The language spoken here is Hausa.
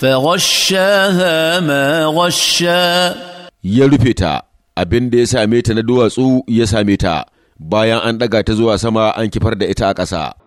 فغشاها ما غشا ya rufe ta abin da ya same ta na duwatsu ya same ta bayan an ɗaga ta zuwa sama an kifar da ita a ƙasa